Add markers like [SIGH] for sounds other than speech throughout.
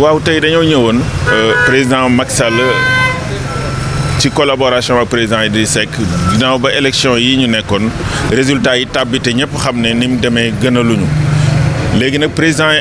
waaw tey dañoo ñëwoon euh, président Macky Sall ci collaboration ak président Idrissa Seck ginnaaw ba élection yi ñu nekkoon résultat yi tàbbi te ñëpp xam ne ni mu demee gën a léegi nag président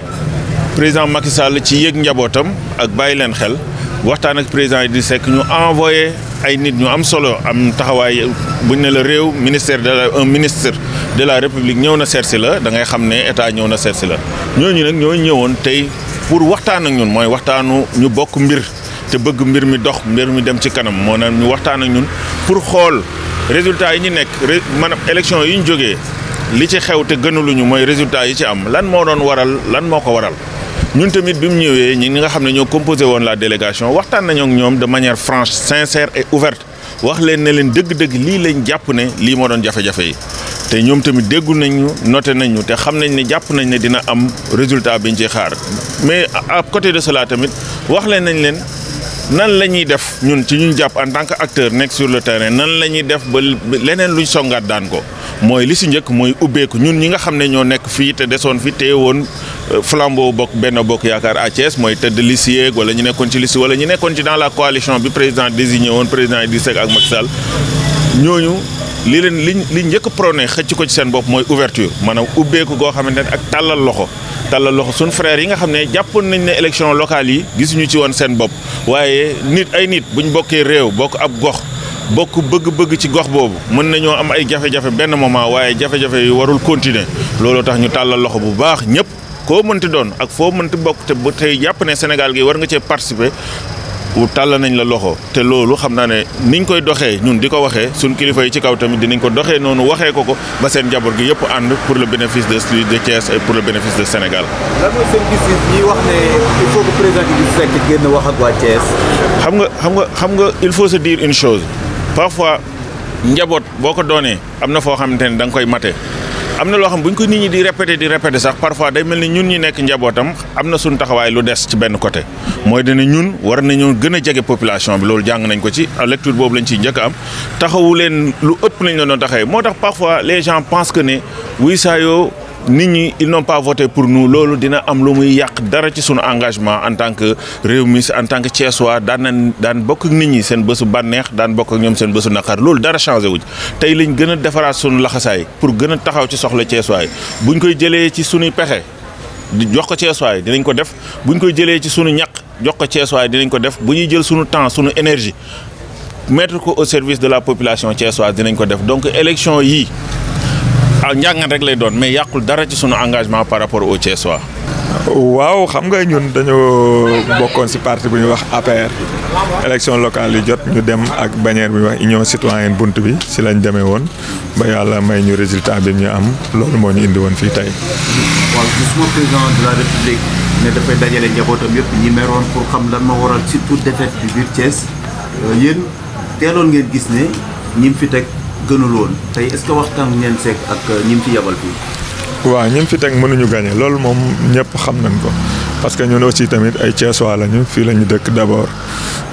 président Macky Sall ci yëg njabootam ak bàyyi leen xel waxtaan ak président Idrissa Seck ñu envoyé ay nit ñu am solo am taxawaay buñ ne la réew ministère de la un ministre de la république ñëw na seet si la dangay xam ne état ñëw na seet si la ñooñu nag ñoo ñëwoon tey. pour waxtaan ak ñun mooy waxtaanu ñu bokk mbir te bëgg mbir mi dox mbir mi dem ci kanam moo na ñu waxtaan ak ñun pour xool résultat yi ñu nekk maanaam élection yi ñu jógee li ci xew te gënaluñu mooy résultat yi ci am lan moo doon waral lan moo ko waral ñun tamit bi mu ñëwee ñi nga xam ne ñoo composé woon la délégation waxtaan nañu ñoom de manière franche sincère et ouverte wax leen ne leen dëgg-dëgg lii leen jàpp ne lii moo doon jafe-jafe yi te ñoom tamit déggu nañu noté nañu te xam nañ ne jàpp nañ ne dina am résultat biñ ci xaar mais à côté de cela tamit wax leen nañ leen nan la ñuy def ñun ci ñu jàpp en tant que acteur nekk sur le terrain nan la ñuy def ba leneen luñ songaat daan ko mooy li si njëkk mooy ubbeeku ñun ñi nga xam ne ñoo nekk fii te desoon fii téye woon euh, flambeau bokk benn bokk yaakaar à Thiès mooy tëdd liste yeeg wala ñu nekkoon ci liste wala ñu nekkoon ci dans la coalition bi président désigné woon président Idrissa Seck ak Macky Sall ñooñu. li leen liñ liñ njëkk a xëcc ko ci seen bopp mooy ouverture maanaam ubbeeku goo xamante ne ak tàllal loxo tàllal loxo suñu frère yi nga xam ne jàppoon nañ ne élection locale yi gisuñu ci woon seen bopp waaye nit ay nit buñ bokkee réew bokk ab gox bokk bëgg-bëgg ci gox boobu mën nañoo am ay jafe-jafe benn moment waaye jafe-jafe yi warul continuer looloo tax ñu tàllal loxo bu baax ñëpp koo mënti doon ak foo mënti bokk te ba tey jàpp ne Sénégal gi war nga cee participer tàll nañ la loxo te loolu xam naa ne niñ koy doxee ñun di ko waxee suñ kilifa yi ci kaw tamit dinañ ko doxee noonu waxee ko ko ba seen njaboot gi yëpp ànd pour le bénéfice de de Thiès pour le de Sénégal. lan mooy seen gis ñi wax ne il faut que ak waa xam nga xam nga xam nga il faut se dire une chose parfois njaboot boo ko doonee am na foo xamante ne da nga koy mate. am na loo xam bu ñu ko nit ñi di répété di répété sax parfois day mel ni ñun ñi nekk njabootam am na suñu taxawaay lu des ci benn côté mooy dina ñun war nañoo gën a jege population bi loolu jàng nañ ko ci lecture boobu lañ ciy njëkk am taxawu leen lu ëpp lañ la doon taxawee moo tax parfois les gens pensent que ne wuy saa yoo nit ñi ils n'ont pas voté pour nous loolu dina am lu muy yàq dara ci sunu engagement en tant que réew mi en tant que Thiessois daan nañ daan bokk ak nit ñi seen bësu bànneex daan bokk ak ñoom seen bésu naqar loolu dara changé wuñ tey lañ gën a defaraat sunu laxasaay pour gën a taxaw ci soxla Thiessois yi buñ koy jëlee ci sunuy pexe di jox ko Thiessois yi dinañ ko def bu ñu koy jëlee ci sunu ñaq jox ko Thiessois yi dinañ ko def bu ñuy jël sunu temps sunu énergie mettre ko au service de la population thiessoise dinañ ko def donc élection yii taxaw njàngat rek lay doon mais yàqul dara ci suñu engagement par rapport au Thiessois. waaw xam nga ñun dañoo bokkoon ci parti bu ñuy wax APR élection locale yi jot ñu dem ak bannière bi wax union citoyenne bunt bi ci lañ demee woon ba yàlla may ñu résultat bi ñu am loolu moo ñu indi woon fii tey. waaw gisuma président de la république ne xam lan ma waral surtout défaite bi biir Thiès euh, yéen teeloon ngeen gis ne ñi fi teg. gënul woon tey est-ce wax waxtaan ngeen seeg ak euh, ñi fi yabal fii. waaw ñi fi teg mënuñu gagné loolu moom ñëpp xam nañ ko parce que ñun aussi tamit ay Thiessois lañu fii la ñu dëkk d'abord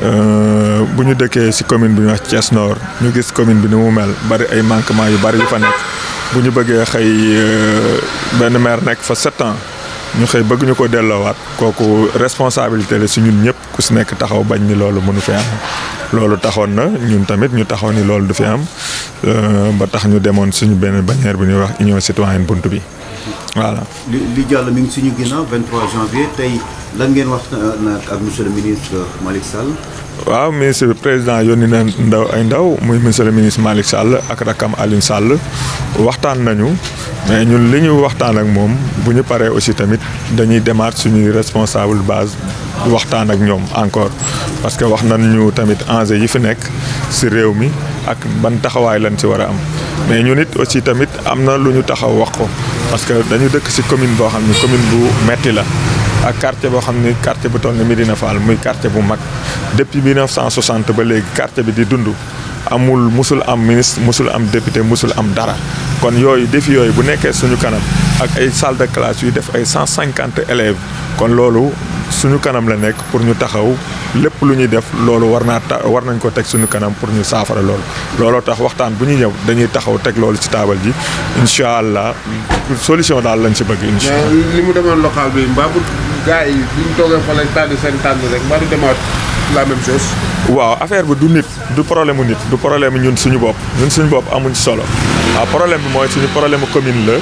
euh, bu ñu dëkkee ci commune bi ñu wax Thiès Nord ñu gis commune bi ni mu mel bari ay manquement yu bari fa nekk bu ñu bëggee xëy euh, benn maire nekk fa sept ans. ñu xëy bëgg ñu ko delloowaat kooku responsabilité la si ñun ñëpp ku si nekk taxaw bañ ni loolu mënu fee loolu taxoon na ñun tamit ñu taxoon ni loolu du fi am euh, ba tax ñu demoon suñu benn bannière bu ñuy wax union citoyenne bunt bi voilà. li li jàll mi ngi suñu ginnaaw 23 janvier tey lan ngeen wax euh, ak monsieur le ministre Malick Sall. waaw ministre bi président yónni na ndaw ay ndaw muy monsieur le ministre Malick Sall ak rakam Alioune Sall waxtaan nañu mais ñun li ñu waxtaan ak moom bu ñu paree aussi tamit dañuy demaat suñuy responsable base waxtaan ak ñoom encore parce que wax nañu tamit enjeu yi fi nekk si réew mi ak ban taxawaay lañ ci war a am mais ñun it aussi tamit am na lu ñu taxaw wax ko parce que dañu dëkk si commune boo xam ne commune bu metti la ak quartier boo xam ni quartier bu toll ni Medina Fall muy quartier bu mag depuis 1960 ba léegi quartier bi di dund amul mosul am ministre mosul am député mosul am dara kon yooyu défi yooyu bu nekkee suñu kanam ak ay salle de classe yu def ay 150 kon loolu suñu kanam la nekk pour ñu taxaw lépp lu ñuy def loolu war naa ta war nañ ko teg suñu kanam pour ñu saafara loolu looloo tax waxtaan bu ñuy ñëw dañuy taxaw teg loolu ci taabal ji incha allah solution daal lañ ci bëgg. incha gars yi bu ñu toogee fa lañ tànn seen tànn rek mbaa du demaat la même waaw affaire bi du nit du problème mu nit du problème mu ñun suñu bopp ñun suñu bopp amuñ solo waaw ah, problème bi mooy suñu problème commune la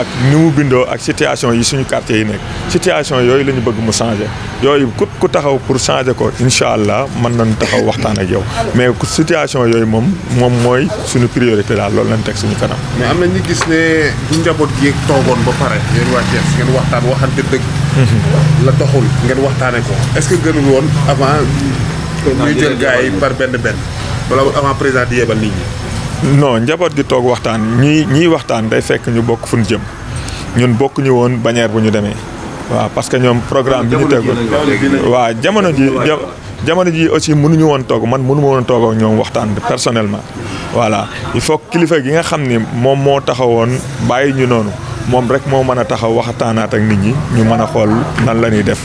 ak ni mu bindoo ak situation yi suñu quartier yi nekk situation yooyu la ñu bëgg mu changer. yooyu ku ku taxaw pour changer ko incha allah mën nañ taxaw waxtaan ak yow mais ku situation yooyu moom moom mooy suñu priorité daal loolu lañ teg suñu kanam. mais am na ñu gis ne bu njaboot gi toogoon ba pare yéen waa Thiès ngeen waxtaan waxante dëgg. Mhm. la doxul ngeen waxtaanee ko. est-ce que gënul woon avant. ñuy jël gars yi par benn benn. wala avant président di yebal nit ñi. non njaboot gi toog waxtaan ñii ñii waxtaan day fekk ñu bokk fu ñu jëm ñun bokk ñu woon bannière bu ñu demee. waaw parce que ñoom programme bi ñu tegul waaw jamono ji jamono ji aussi mënuñu woon toog man mënu ma woon toog ñoom waxtaan personnellement voilà il faut kilifa gi nga xam ni moom moo taxawoon bàyyi ñu noonu moom rek moo mën a taxaw waxtaanaat ak nit ñi ñu mën a xool nan la ñuy def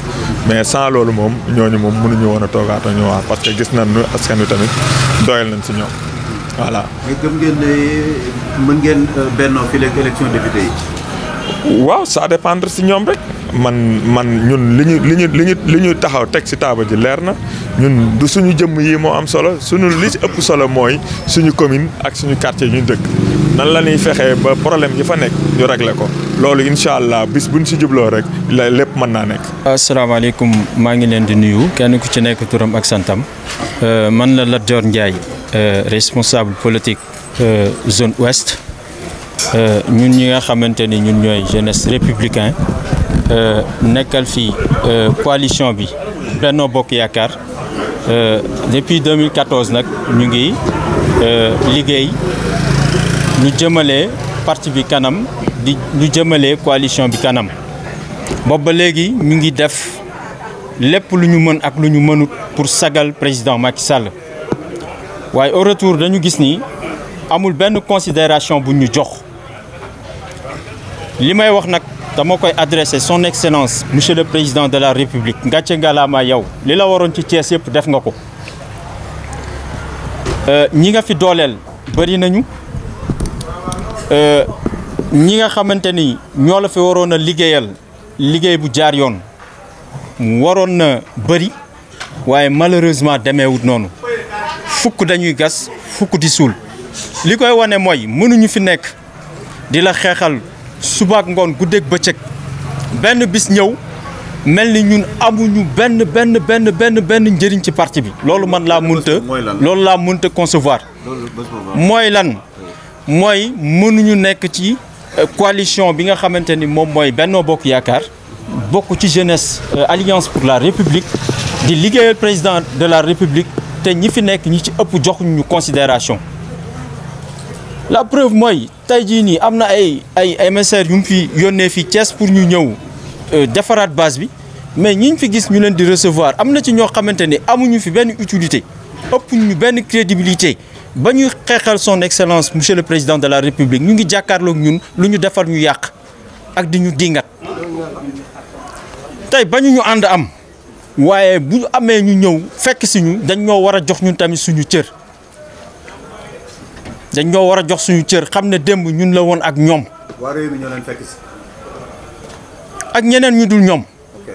mais sans loolu moom ñooñu moom mënuñu woon a toogaat ñu wax parce que gis nañ nu askan wi tamit doyal nañ si ñoom voilà. mais gëm ngeen ne mën ngeen euh, waaw ça dépendre si ñoom rek. man man ñun li ñu li ñu li ñu li ñu taxaw teg ci taaba ji leer na ñun du suñu jëmm yi moo am solo suñu li ci ëpp solo mooy suñu commune ak suñu quartier ñu dëkk nan la ñuy fexee ba problème yi fa nekk ñu régler ko loolu incha allah bis buñ ci jubloo rek la lépp mën naa nekk. asalaamaaleykum maa ngi leen di nuyu kenn ku ci nekk turam ak santam euh, man la Lat Dior Ndiaye euh, responsable politique euh, zone ouest ñun ñi nga xamante ni ñun ñooy jeunesse républicain. Euh, nekkal fi euh, coalition bi Benno Bokk Yaakaar euh, depuis 2014 nag ñu ngi liggéey lu jëmale parti bi kanam di lu jëmale coalition bi kanam boobu ba léegi ñu ngi def lépp lu ñu mën ak lu ñu mënut pour sagal président Macky Sall waaye au retour dañu gis nii amul benn considération bu ñu jox li may wax nag dama koy adressé son excellence monsieur le président de la république ngàcce ngalaama yow li la waroon ci Thiès yëpp def nga ko euh, ñi nga fi dooleel bëri nañu euh, ñi nga xamante ni ñoo la fi waroon a liggéeyal liggéey bu jaar yoon waroon na bëri waaye malheureusement demeewut noonu fukk dañuy gas fukk di suul li koy wane mooy mënuñu fi nekk di la xeexal subaak ngoon guddeeg bëccëg benn bis ñëw mel ni ñun amuñu benn benn benn benn benn njëriñ ci parti bi. loolu man laa mënta loolu laa mënta concevoir. mooy lan mooy mënuñu nekk ci euh, coalition bi nga xamante ni moom mooy Benno Bokk Yaakaar bokk ci jeunesse euh, alliance pour la république di liggéeyal président de la république te ñi fi nekk ñi ci ëpp joxuñu considération la preuve mooy. tey jii nii am na ay ay ay messages yu mu fi yónnee fii Thiès pour ñu ñëw euh, defaraat base bi mais ñi ñu fi gis ñu leen di recevoir am na ci ñoo xamante ne amuñu fi benn utilité ëpp ñu benn crédibilité ba ñuy xeexal son excellence monsieur le président de la république ñu ngi jàkkaarloog ñun lu ñu defar ñu yàq ak di ñu dingat tey ba ñu ñu ànd am waaye bu amee ñu ñëw fekk si ñu dañ ñoo war a jox ñun tamit suñu cër. dañ ñoo war a jox suñu cër xam ne démb ñun la woon ak ñoom. waa réew mi ñoo ak ñeneen ñu dul ñoom. ok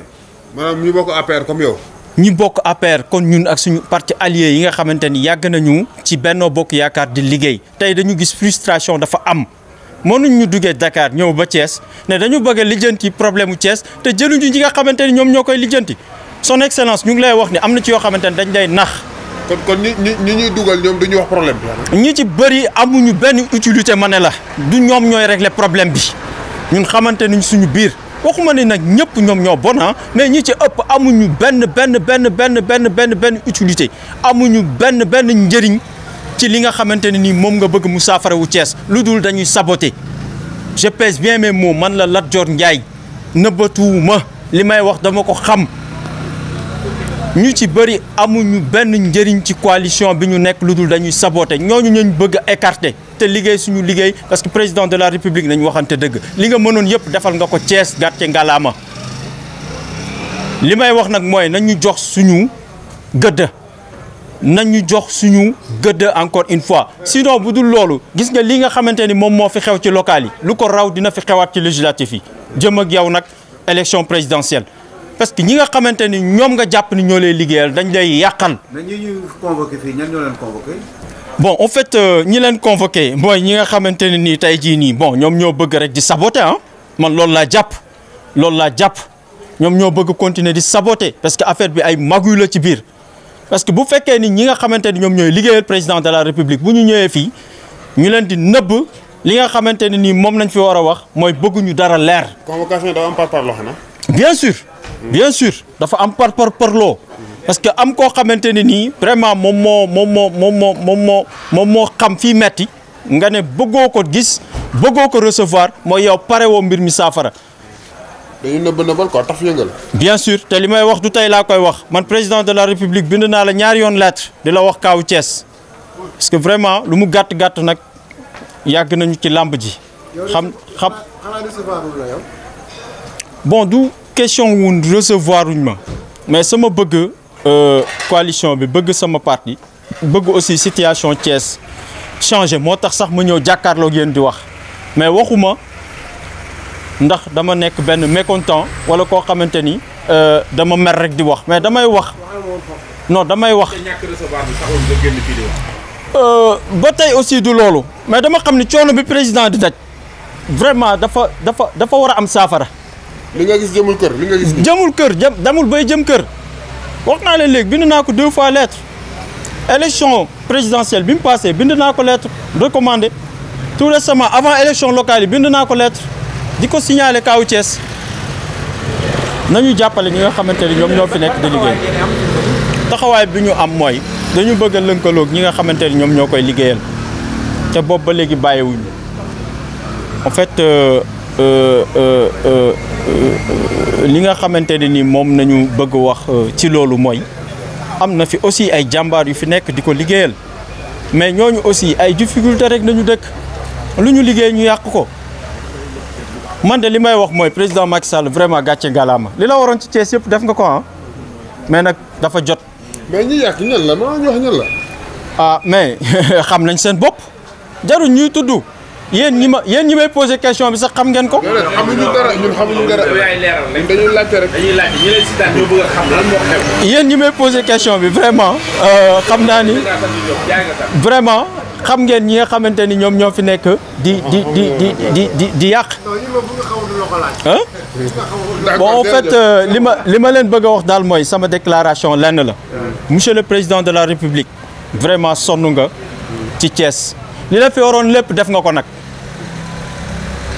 maanaam ñu bokk APR comme yow. ñi bokk APR kon ñun ak suñu parti allié yi nga xamante ni yàgg nañu ci Benno Bokk Yaakaar di liggéey tey dañu gis frustration dafa am mënuñ ñu duggee dakaar ñëw ba cees ne dañu bëgg a lijjanti problème mu Thiès te jëluñu ñi nga xamante ni ñoom ñoo koy lijjanti son excellence ñu ngi lay wax ni am na ci yoo xamante ni dañ lay nax. kon kon ñi ñi ñuy dugal ñoom du ñu wax problème bi. ñi ci bëri amuñu benn utilité ma ne la du ñoom ñooy rek le problème bi ñun xamante nañ suñu biir waxuma ne nag ñëpp ñoom ñoo bon ah, mais ñi ci ëpp amuñu benn benn benn benn benn benn benn utilité amuñu benn benn njëriñ ci li nga xamante ne ni moom nga bëgg mu saafara wu cees lu dul dañuy saboter je pèse bien mes mots man la Lat Dior Ndiaye nëbbatuwuma li may wax dama ko xam. ñu ci bëri amuñu benn njëriñ ci coalition bi ñu nekk lu dul dañuy saboote ñooñu ñu ñu bëgg a te liggéey suñu liggéey parce que président de la république nañu waxante dëgg li nga mënoon yëpp defal nga ko Thiès gàcce ngalaama li may wax nag mooy nañu jox suñu gëdd nañu jox suñu gëdd encore une fois sinon bu dul loolu gis nga li nga xamante ni moom moo fi xew ci local yi lu ko raw dina fi xewaat ci législatif yi jëm ak yow nag élection présidentielle parce que ñi nga xamante ni ñoom nga jàpp ni ñoo lay liggéeyal dañ lay yàqal. mais ñi ñuy convoqué bon en fait euh, ñi leen convoqué mooy ñi nga xamante ne nii tey jii nii bon ñoom ñoo bëgg rek di saboter ah man loolu laa jàpp loolu laa jàpp ñoom ñoo bëgg continuer di saboter parce que affaire bi ay maguy la ci biir. parce que bu fekkee ni ñi nga xamante ni ñoom ñooy liggéeyal président de la république bu ñu ñëwee fii ñu leen di nëbb li nga xamante ne nii moom lañ fi war a wax mooy bëgguñu dara leer. convocation daa am bien sûr dafa am par par parloo parce que am koo xamante ne nii vraiment moom moo moom moo moom moo moom moom moo xam fii metti nga ne bëggoo ko gis bëggoo ko recevoir mooy yow pare woo mbir mi saafara. dañuy nëbb nëbbal quoi taf bien sûr te li may wax du tey laa koy wax man président de la république bind naa la ñaari yoon lettre di la wax kaawu cees parce que vraiment lu mu gàtt gàtt nag yàgg nañu ci làmb ji. xam xam bon du. question wun recevoir wuñ ma mais sama bëgg euh, coalition bi bëgg sama parti bëgg aussi situation Thiès changé moo tax sax ma ñëw jàkkaarloo yéen di wax mais waxuma ndax dama nekk benn mécontent wala koo xamante ni euh, dama mer rek di wax mais damay wax non damay wax euh, ba tey aussi du loolu mais dama xam ni coono bi président di daj vraiment dafa dafa dafa war a am saafara li nga gis jëmul kër li nga kër jëm demul bay jëm kër wax naa leen léegi bind naa ko deux fois lettre élection présidentielle bi mu passé bind naa ko lettre recommandé tout récemment avant élection locale yi bind naa ko lettre di ko signalé kaw Thiès nañu jàppale ñi nga xamante ni ñoom ñoo fi nekk di liggéey taxawaay bi ñu am mooy dañu bëgg a lënkaloog ñi nga xamante ni ñoom ñoo koy liggéeyal te bopp ba léegi bàyyiwuñu fait. Euh, Euh, euh, euh, li nga xamante ne ni moom nañu bëgg wax ci loolu mooy am na fi aussi ay jàmbaar yu fi nekk di ko liggéeyal mais ñooñu aussi ay difficulté rek nañu dëkk lu ñu liggéey ñu yàq ko man de li may wax mooy président Macky Sall vraiment gàcce ngalaama li la waroon ci Thiès yëpp def nga ko ah mais nag dafa jot. mais ñi yàq ñan la ma ñu ñan la. ah mais [LAUGHS] xam nañ seen bopp jarul ñuy tudd. yéen ñi ma yéen ñi may posé question bi sax xam ngeen ko. xamuñu dara ñun xam lan moo xew. may posé question bi vraiment euh, xam naa ni vraiment xam ngeen ñi nga xamante ni ñoom ñoo fi nekk di di di yàq. bon en fait euh, li ma li ma leen bëgg a wax daal mooy sama déclaration lenn la monsieur le président de la république vraiment sonn nga ci Thiès li la fi waroon lépp def nga ko nag.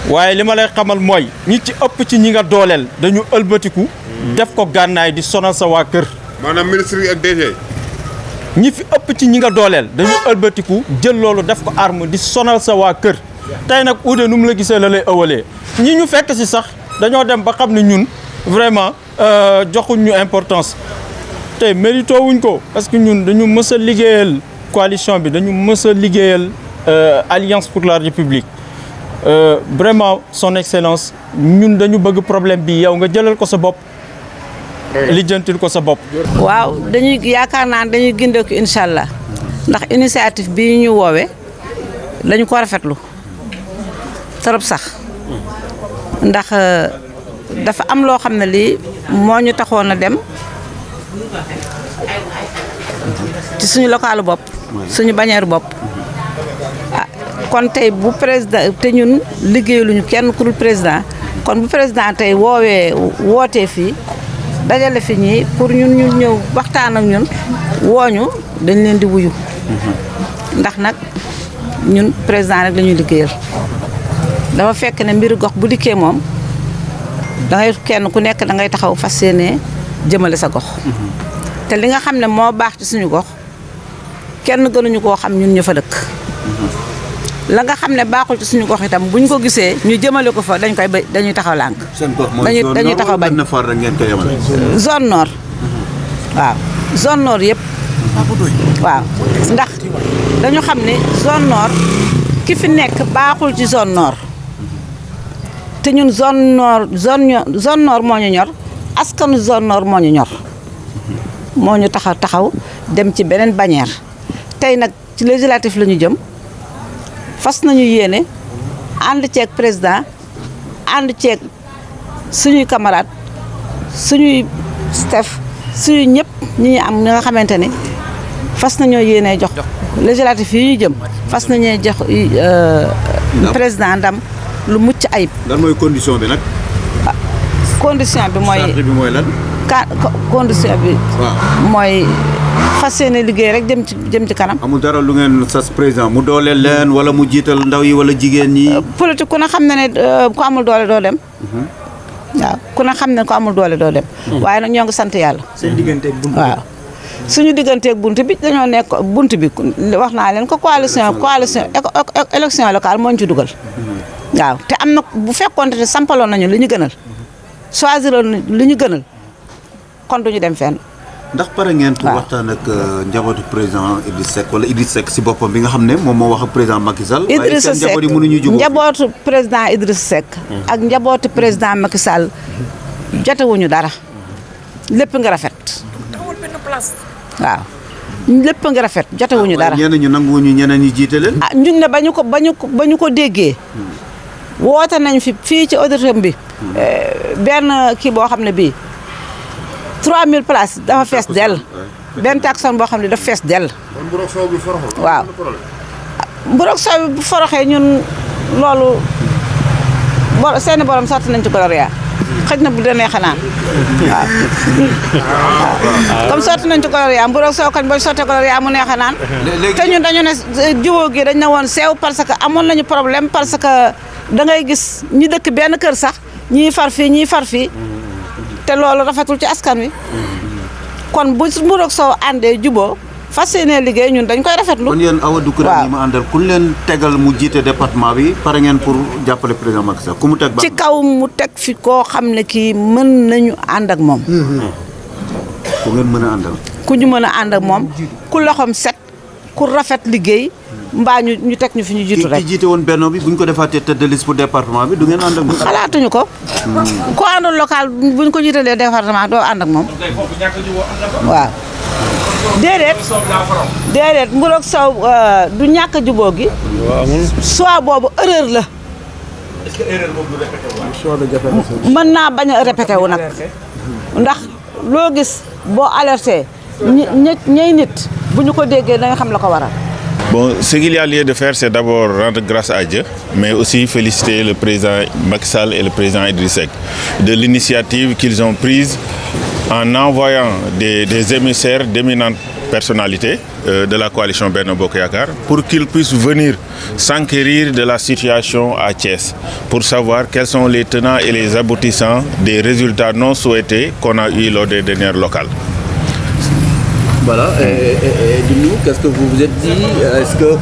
waaye li ma lay xamal mooy ñi ci ëpp ci ñi nga dooleel dañu ëlbatiku def ko gànnaay di sonal sa waa kër maanaam ministre yi ak DG ñi fi ëpp ci ñi nga dooleel dañu ëlbatiku jël loolu def ko arme di sonal sa waa kër tey nag uude nu mu la gisee la lay ëwalee ñi ñu fekk si sax dañoo dem ba xam ne ñun vraiment euh, joxuñ ñu importance tey mérito wuñ ko parce que ñun dañu mës a liggéeyal coalition bi dañu mës a liggéeyal euh, alliance pour la république Euh, vraiment son excellence ñun dañu bëgg problème bi yow nga jëlal ko sa bopp lijjantil ko sa bopp. waaw dañuy yaakaar naa ne dañuy gindeeku incha allah ndax initiative bi ñu woowee dañu ko rafetlu trop sax ndax euh, dafa am loo xam ne lii moo ñu taxoon a dem ci suñu lokalu bopp suñu bannière bopp. kon tey bu président te ñun liggéeyaluñu kenn ku dul président kon bu président tey woowee wootee fii dajale fi ñii pour ñun ñu ñëw waxtaan ak ñun wooñu dañ leen di wuyu ndax nag ñun président rek la liggéeyal dafa fekk ne mbiru gox bu dikkee moom da kenn ku nekk da ngay taxaw fas yéene jëmale sa gox te li nga xam ne moo baax ci suñu gox kenn gënuñu koo xam ñun ñu fa dëkk la nga xam ne baaxul ci suñu gox itam bu buñ ko gisee ñu jëmale ko fa dañ koy dañuy taxaw lànk. seen gox mooy dañuy taxaw bañ zone nord waaw zone nord yëpp. waaw ndax dañu xam ne zone nord ki fi nekk baaxul ci zone nord te ñun zone nord zone zone nord moo ñu ñor askanu zone nord moo ñu ñor moo ñu taxaw taxaw dem ci beneen bañeer tey nag ci législatif la ñu jëm. fas nañu yéene ànd ceeg président ànd ceeg suñuy camarade suñuy staff suñuy ñëpp ñi ñu am ñi nga xamante ne fas nañoo yéene jox législatif yi ñuy jëm fas nañoo jox euh, président ndam lu mucc ayib. lan mooy condition bi nag. condition bi mooy charte bi mooy lan. ka condition bi. mooy fas yéene liggéey rek jëm ci jëm ci kanam. amul dara lu ngeen sas président mu dooleel leen wala mu jiital ndaw yi wala jigéen ñi. Euh, politique euh, mhm. ku ne xam na ne ku amul doole doo dem. waaw ku ne xam ne ko amul doole doo dem. waaye nag ñoo ngi sant yàlla. seen digganteeg bunt bi waaw. suñu digganteeg bunt bi dañoo nekk bunt bi wax naa leen ko coalition coalition élection locale moo ñu ci dugal. Mhm. waaw te am na bu fekkoonte ne sampaloon nañu li ñu gënal. choisiroon li ñu gënal kon ñu dem fen ndax pare ngeen. waaw waxtaan ak euh, njabootu président Idrissa Seck wala si boppam bi nga xam ne moom moo wax ak président Macky Sall. Idrissa Seck waaye seen njaboot yi mënuñu jubóo njabootu président Idrissa Seck. Mhm. ak njabootu président Macky Sall jotewuñu dara lépp nga rafet. waaw lépp nga rafet jotewuñu ah, dara. waaw ñeneen ñu nanguwuñu ñeneen ñu jiite leen. ah ñun ne ba ñu ko ba ko ba ñu ko déggee. Hmm. woote nañ fi fii ci auditorium bi. Euh, benn kii boo xam ne bii mille places dafa fees dell. benn taxon boo xam ne dafa fees dell. kon mburoog soow bi foroxul. waaw mburoog soow bi foroxee ñun loolu bor seeni borom sart nañ ci koloria xëj na bu danee xanaan waaw waaw comme sotti nañ ci koloria mburoog soow kañ bañ sottee koloria mu nee xanaan te ñun dañu ne jubóo gi dañ ne woon seew parce que amoon nañu problème parce que da ngay gis ñu dëkk benn kër sax ñii far fii ñii far fii te loolu rafetul ci askan wi kon bu Mbour ak Sow àndee juboo fas yéene liggéey ñun dañ koy rafetlu. kon yéen awa du kuréel àndal ku leen tegal mu jiite département bi pare ngeen pour jàppale président Macky Sall ku mu teg ci kaw mu teg fi koo xam ne kii mën nañu ànd ak moom. ku ngeen mën a àndal. ànd ak moom ku loxoom set. ku rafet liggéey mbaa ñu ñu teg ñu fi ñu jiitu rek. jiite woon benno bi bu ñu ko defaa tête de liste pour département bi du ngeen ànd ak moom. xalaatuñu ko. Hmm. ko local bu ko jiitalee département doo ànd ak moom. waaw. déedéet déedéet mburu soow euh, du ñàkk a juboo gi. soit boobu erreur la. est-ce mën naa bañ a répété nag. ndax loo gis boo alerté ñi ñay nit. bu ñu ko déggee da nga xam la ko waral. Bon, ce qu'il y a lieu de faire, c'est d'abord rendre grâce à Dieu, mais aussi féliciter le président Macky Sall et le président Idrissek de l'initiative qu'ils ont prise en envoyant des, des émissaires d'éminentes personnalités euh, de la coalition Benno Bokk Yakaar pour qu'ils puissent venir s'enquérir de la situation à Thiès pour savoir quels sont les tenants et les aboutissants des résultats non souhaités qu'on a eus lors des dernières locales. Voilà, et, et, et dis-nous, qu'est-ce que vous vous êtes dit Est-ce que euh,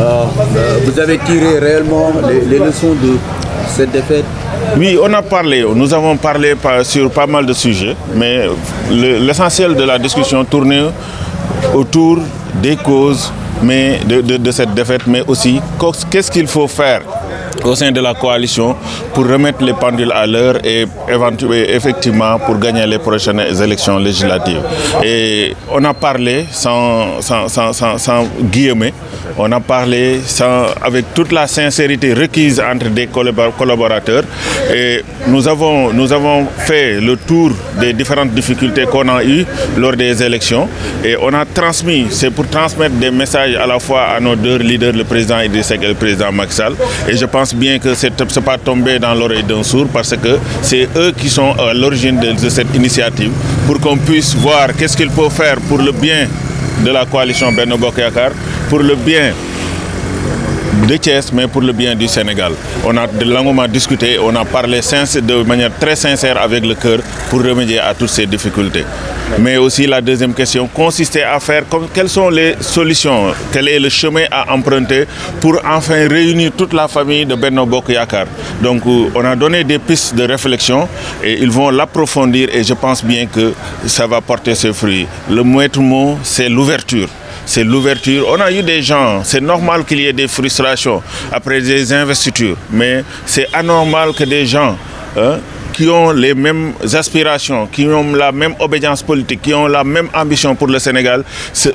euh, vous avez tiré réellement les, les leçons de cette défaite oui, on a parlé, nous avons parlé par, sur pas mal de sujets, mais l'essentiel le, de la discussion tournait autour des causes mais de, de, de cette défaite, mais aussi qu'est-ce qu'il faut faire au sein de la coalition pour remettre les pendules à l'heure et effectivement pour gagner les prochaines élections législatives. Et on a parlé sans, sans, sans, sans, sans guillemets On a parlé sans, avec toute la sincérité requise entre des collaborateurs et nous avons, nous avons fait le tour des différentes difficultés qu'on a eues lors des élections et on a transmis, c'est pour transmettre des messages à la fois à nos deux leaders, le président Idriss et le président Maxal et je pense bien que ce n'est pas tombé dans l'oreille d'un sourd parce que c'est eux qui sont à l'origine de, de cette initiative pour qu'on puisse voir qu'est-ce qu'ils peuvent faire pour le bien de la coalition Benno Bokk Yakaar pour le bien de Thiès, mais pour le bien du Sénégal. On a longuement discuté, on a parlé de manière très sincère avec le cœur pour remédier à toutes ces difficultés. Mais aussi la deuxième question consistait à faire comme, quelles sont les solutions, quel est le chemin à emprunter pour enfin réunir toute la famille de Benno Bok Yakar. Donc euh, on a donné des pistes de réflexion et ils vont l'approfondir et je pense bien que ça va porter ses fruits. Le maître mot, c'est l'ouverture. c'est l'ouverture. On a eu des gens, c'est normal qu'il y ait des frustrations après des investitures, mais c'est anormal que des gens hein, qui ont les mêmes aspirations, qui ont la même obédience politique, qui ont la même ambition pour le Sénégal, c'est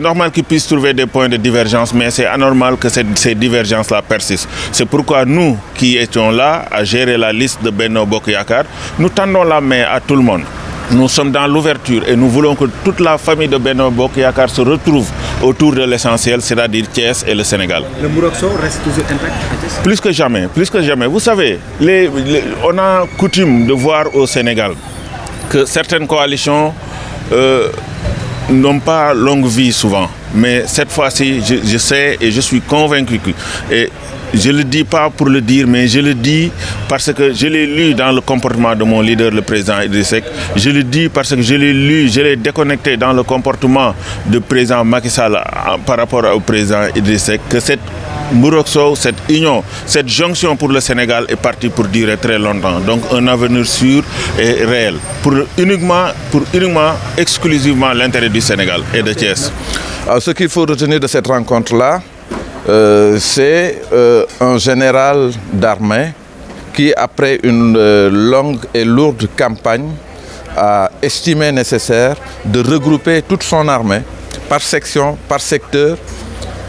normal qu'ils puissent trouver des points de divergence, mais c'est anormal que ces, ces divergences-là persistent. C'est pourquoi nous, qui étions là à gérer la liste de Benno Bokyakar, nous tendons la main à tout le monde. Nous sommes dans l'ouverture et nous voulons que toute la famille de Beno Bokeyakar se retrouve autour de l'essentiel, c'est-à-dire Thiès et le Sénégal. Le Mouroxo reste toujours intact à Thiès Plus que jamais, plus que jamais. Vous savez, les, les, on a coutume de voir au Sénégal que certaines coalitions euh, n'ont pas longue vie souvent. Mais cette fois-ci, je, je, sais et je suis convaincu que... Et, je le dis pas pour le dire, mais je le dis parce que je l'ai lu dans le comportement de mon leader, le président Idrissek. Je le dis parce que je l'ai lu, je l'ai déconnecté dans le comportement du président Macky Sall par rapport au président Idrissek, que cette Mouroxo, cette union, cette jonction pour le Sénégal est partie pour durer très longtemps. Donc un avenir sûr et réel, pour uniquement, pour uniquement exclusivement l'intérêt du Sénégal et de Thiès. Alors, ce qu'il faut retenir Euh, c'est euh, un général d'armée qui, après une euh, longue et lourde campagne, a estimé nécessaire de regrouper toute son armée par section, par secteur,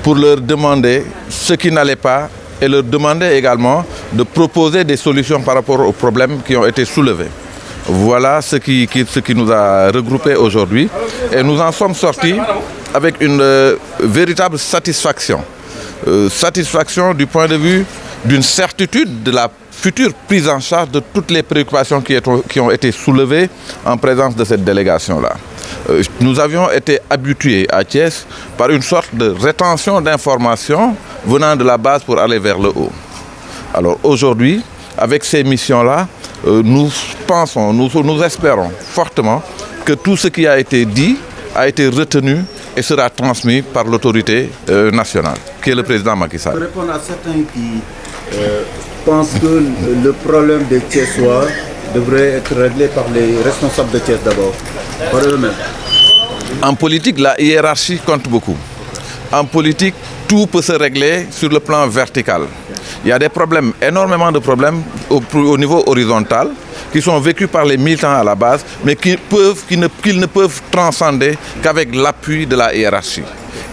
pour leur demander ce qui n'allait pas et leur demander également de proposer des solutions par rapport aux problèmes qui ont été soulevés. Voilà ce qui, qui, ce qui nous a regroupés aujourd'hui et nous en sommes sortis avec une euh, véritable satisfaction. Euh, satisfaction du point de vue d'une certitude de la future prise en charge de toutes les préoccupations qui, est, qui ont été soulevées en présence de cette délégation-là. Euh, nous avions été habitués à Thiès par une sorte de rétention d'informations venant de la base pour aller vers le haut. Alors aujourd'hui, avec ces missions-là, euh, nous pensons, nous, nous espérons fortement que tout ce qui a été dit a été retenu et sera transmis par l'autorité euh, nationale, qui le président Macky Sall. Pour répondre à certains qui euh, pensent que le problème des Thiessois devrait par les responsables de Thiès d'abord, En politique, la hiérarchie compte beaucoup. En politique, tout peut se régler sur le plan vertical. Il y a des problèmes, énormément de problèmes au, au niveau horizontal, qui sont vécus par les militants à la base, mais qu'ils peuvent, qu'ils ne, qu'ils ne peuvent transcender qu'avec l'appui de la hiérarchie.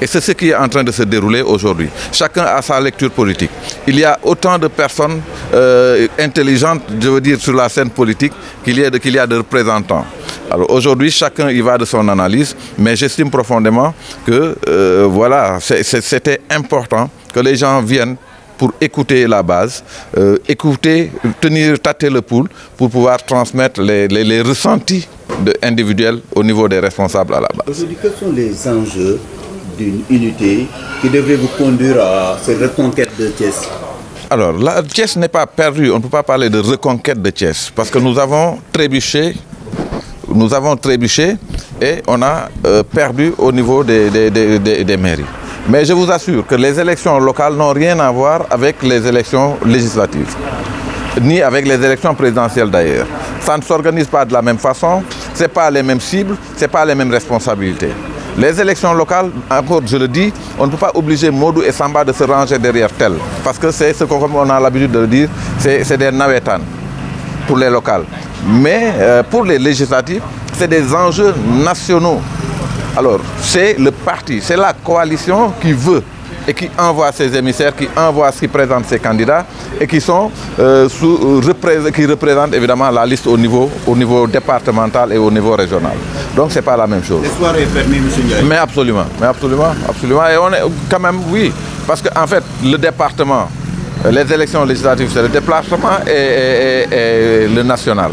Et c'est ce qui est en train de se dérouler aujourd'hui. Chacun a sa lecture politique. Il y a autant de personnes euh, intelligentes, je veux dire, sur la scène politique qu'il y a de, qu'il y a de représentants. Alors aujourd'hui, chacun y va de son analyse, mais j'estime profondément que euh, voilà, c'était important que les gens viennent pour écouter la base, euh, écouter, tenir, tâter le pouls pour pouvoir transmettre les, les, les ressentis de, individuels au niveau des responsables à la base. Aujourd'hui, les enjeux d'une unité qui devrait vous conduire à cette reconquête de Thiès Alors, la Thiès n'est pas perdue, on ne peut pas de reconquête parce que nous avons trébuché, nous avons et on a euh, perdu au niveau des, des, des, des mairies. Mais je vous assure que les élections locales n'ont rien à voir avec les élections législatives, ni avec les élections présidentielles d'ailleurs. Ça ne s'organise pas de la même façon, ce n'est pas les mêmes cibles, ce n'est pas les mêmes responsabilités. Les élections locales, encore je le dis, on ne peut pas obliger Modou et Samba de se ranger derrière tel. Parce que c'est ce qu'on a l'habitude de le dire, c'est pour les locales. Mais euh, pour les législatives, c'est des enjeux nationaux Alors, c'est le parti, c'est la coalition qui veut et qui envoie ses émissaires, qui envoie, qui présente ses candidats et qui sont euh, sous, euh, repré représentent évidemment la liste au niveau, au niveau départemental et au niveau régional. Donc c'est pas la même chose. M. Mais absolument, mais absolument, absolument. Et on est quand même, oui, parce que en fait, le département, les élections législatives, c'est le département et, et le national.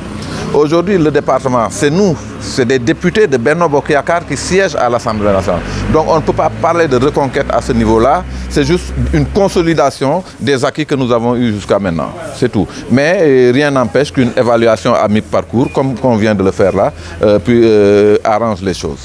Aujourd'hui, le département, c'est nous, c'est des députés de Bernard Bokyakar qui siègent à l'Assemblée nationale. Donc on ne peut pas parler de reconquête à ce niveau-là, c'est juste une consolidation des acquis que nous avons eus jusqu'à maintenant, c'est tout. Mais euh, rien n'empêche qu'une évaluation à mi-parcours, comme on vient de le faire là, euh, puis, euh, arrange les choses.